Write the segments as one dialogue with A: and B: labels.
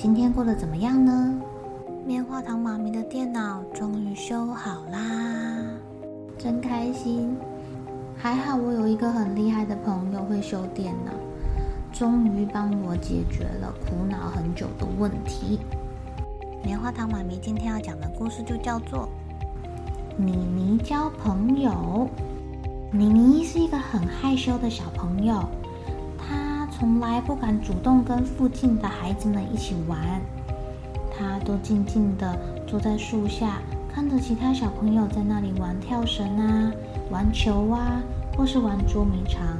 A: 今天過得怎麼樣呢？棉花糖媽咪的電腦終於修好啦，真開心！還好我有一個很厲害的朋友會修電腦，終於幫我解決了苦惱很久的問題。棉花糖媽咪今天要講的故事就叫做《妮妮交朋友》。妮妮是一個很害羞的小朋友，從來不敢主動跟附近的孩子們一起玩，他都靜靜的坐在樹下，看着其他小朋友在那裡玩跳繩啊、玩球啊，或是玩捉迷藏。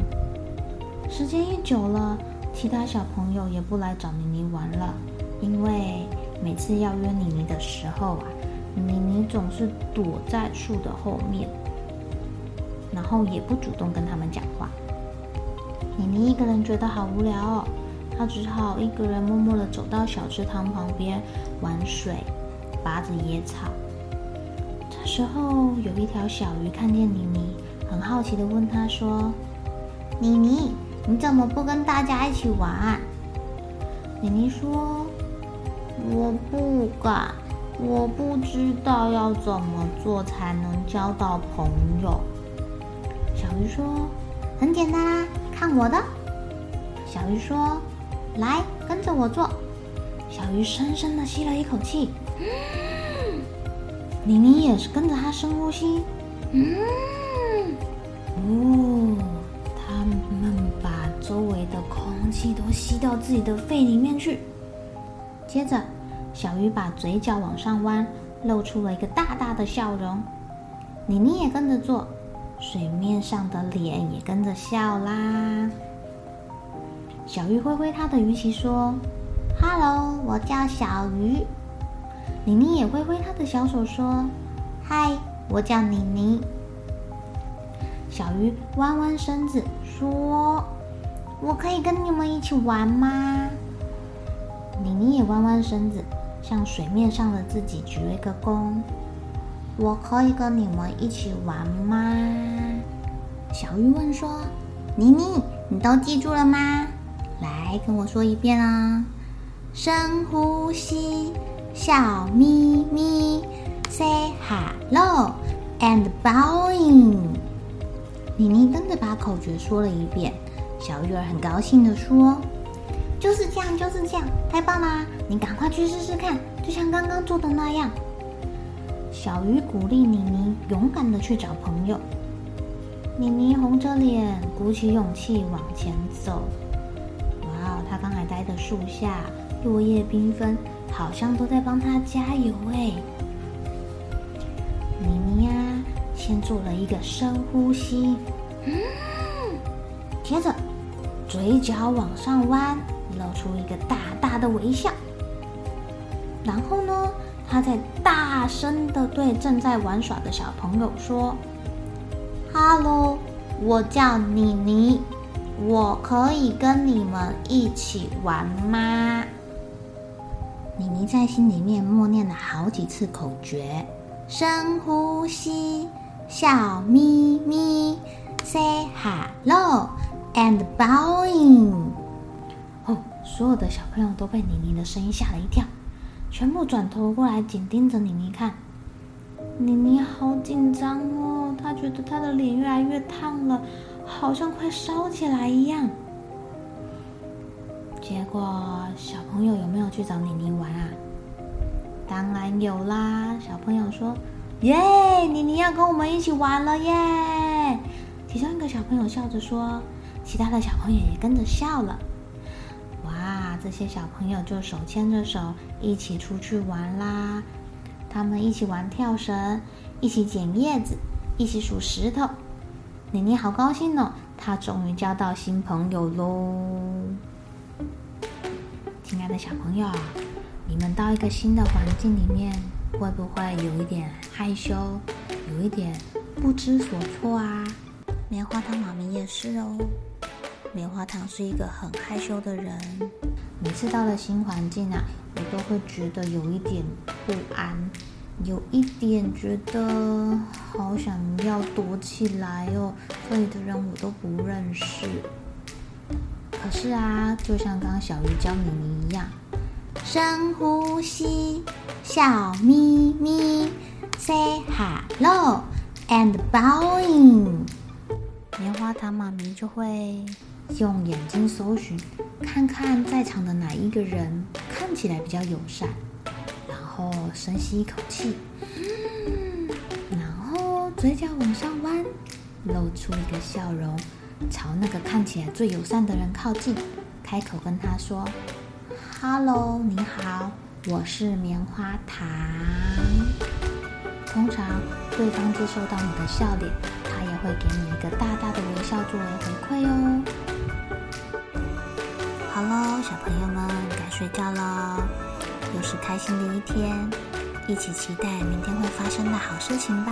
A: 時間一久了，其他小朋友也不來找妮妮玩了，因為每次要約妮妮的時候啊，妮妮總是躲在樹的後面，然後也不主動跟他們講話。妮妮一個人覺得好無聊哦，她只好一個人默默的走到小池塘旁邊玩水，拔着野草。這時候有一條小魚看見妮妮，很好奇的問她說：“妮妮，你怎麼不跟大家一起玩？”妮妮說：“我不敢，我不知道要怎麼做才能交到朋友。”小魚說：“很簡單啦。”看我的，小魚說：“來跟着我做。”小魚深深地吸了一口氣，嗯。妮妮也是跟着他深呼吸，嗯，哦，他們把周圍的空氣都吸到自己的肺裡面去。接着，小魚把嘴角往上彎，露出了一個大大的笑容，妮妮也跟着做。水面上的臉也跟着笑啦。小魚揮揮它的魚鰭說：“Hello，我叫小魚。”妮妮也揮揮它的小手說：“嗨，我叫妮妮。”小魚彎彎身子說：“我可以跟你們一起玩嗎？”妮妮也彎彎身子向水面上的自己鞠了一個躬。我可以跟你們一起玩嗎？小魚問說：“妮妮，你都記住了嗎？來跟我說一遍啊、哦。深呼吸，笑咪咪，say hello and bowing。妮妮跟着把口訣說了一遍。小魚兒很高興地說：“就是這樣，就是這樣，太棒啦！你趕快去試試看，就像剛剛做的那樣。”小魚鼓勵妮妮勇敢的去找朋友。妮妮紅着臉，鼓起勇氣往前走。哇哦，她剛才待在樹下，落葉繽紛，好像都在幫她加油哎、欸！妮妮呀，先做了一個深呼吸，嗯，接着嘴角往上彎，露出一個大大的微笑。然後呢？他在大聲的對正在玩耍的小朋友說哈嘍，hello, 我叫妮妮，我可以跟你們一起玩嗎？”妮妮在心裡面默念了好幾次口訣，深呼吸，笑咪咪，Say hello and bowing。哦，所有的小朋友都被妮妮的聲音嚇了一跳。全部轉頭過來，緊盯着妮妮看。妮妮好緊張哦，她覺得她的臉越來越燙了，好像快燒起來一樣。結果小朋友有沒有去找妮妮玩啊？當然有啦！小朋友說：“耶，妮妮要跟我們一起玩了耶！”其中一個小朋友笑着說，其他的小朋友也跟着笑了。這些小朋友就手牽着手一起出去玩啦，他們一起玩跳繩，一起撿葉子，一起數石頭。妮妮好高興哦，她終於交到新朋友嘍。親愛的小朋友啊，你們到一個新的環境裡面，會不會有一點害羞，有一點不知所措啊？棉花糖媽咪也是哦，棉花糖是一個很害羞的人。每次到了新環境啊，我都會覺得有一點不安，有一點覺得好想要躲起來哦，這裡的人我都不認識。可是啊，就像剛剛小魚教你們一樣，深呼吸，笑眯眯，Say hello and bowing，棉花糖媽咪就會。用眼睛搜尋，看看在場的哪一個人看起來比較友善，然後深吸一口氣，嗯，然後嘴角往上彎，露出一個笑容，朝那個看起來最友善的人靠近，開口跟他說：“哈嘍，你好，我是棉花糖。”通常對方接收到你的笑臉，他也會給你一個大大的微笑作為回饋哦。好嘍，小朋友們該睡覺嘍，又是開心的一天，一起期待明天會發生的好事情吧！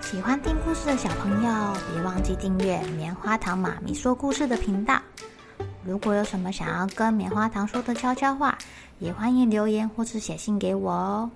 A: 喜歡聽故事的小朋友，別忘記訂閱棉花糖媽咪說故事的頻道。如果有什麼想要跟棉花糖說的悄悄話，也歡迎留言或是寫信給我哦。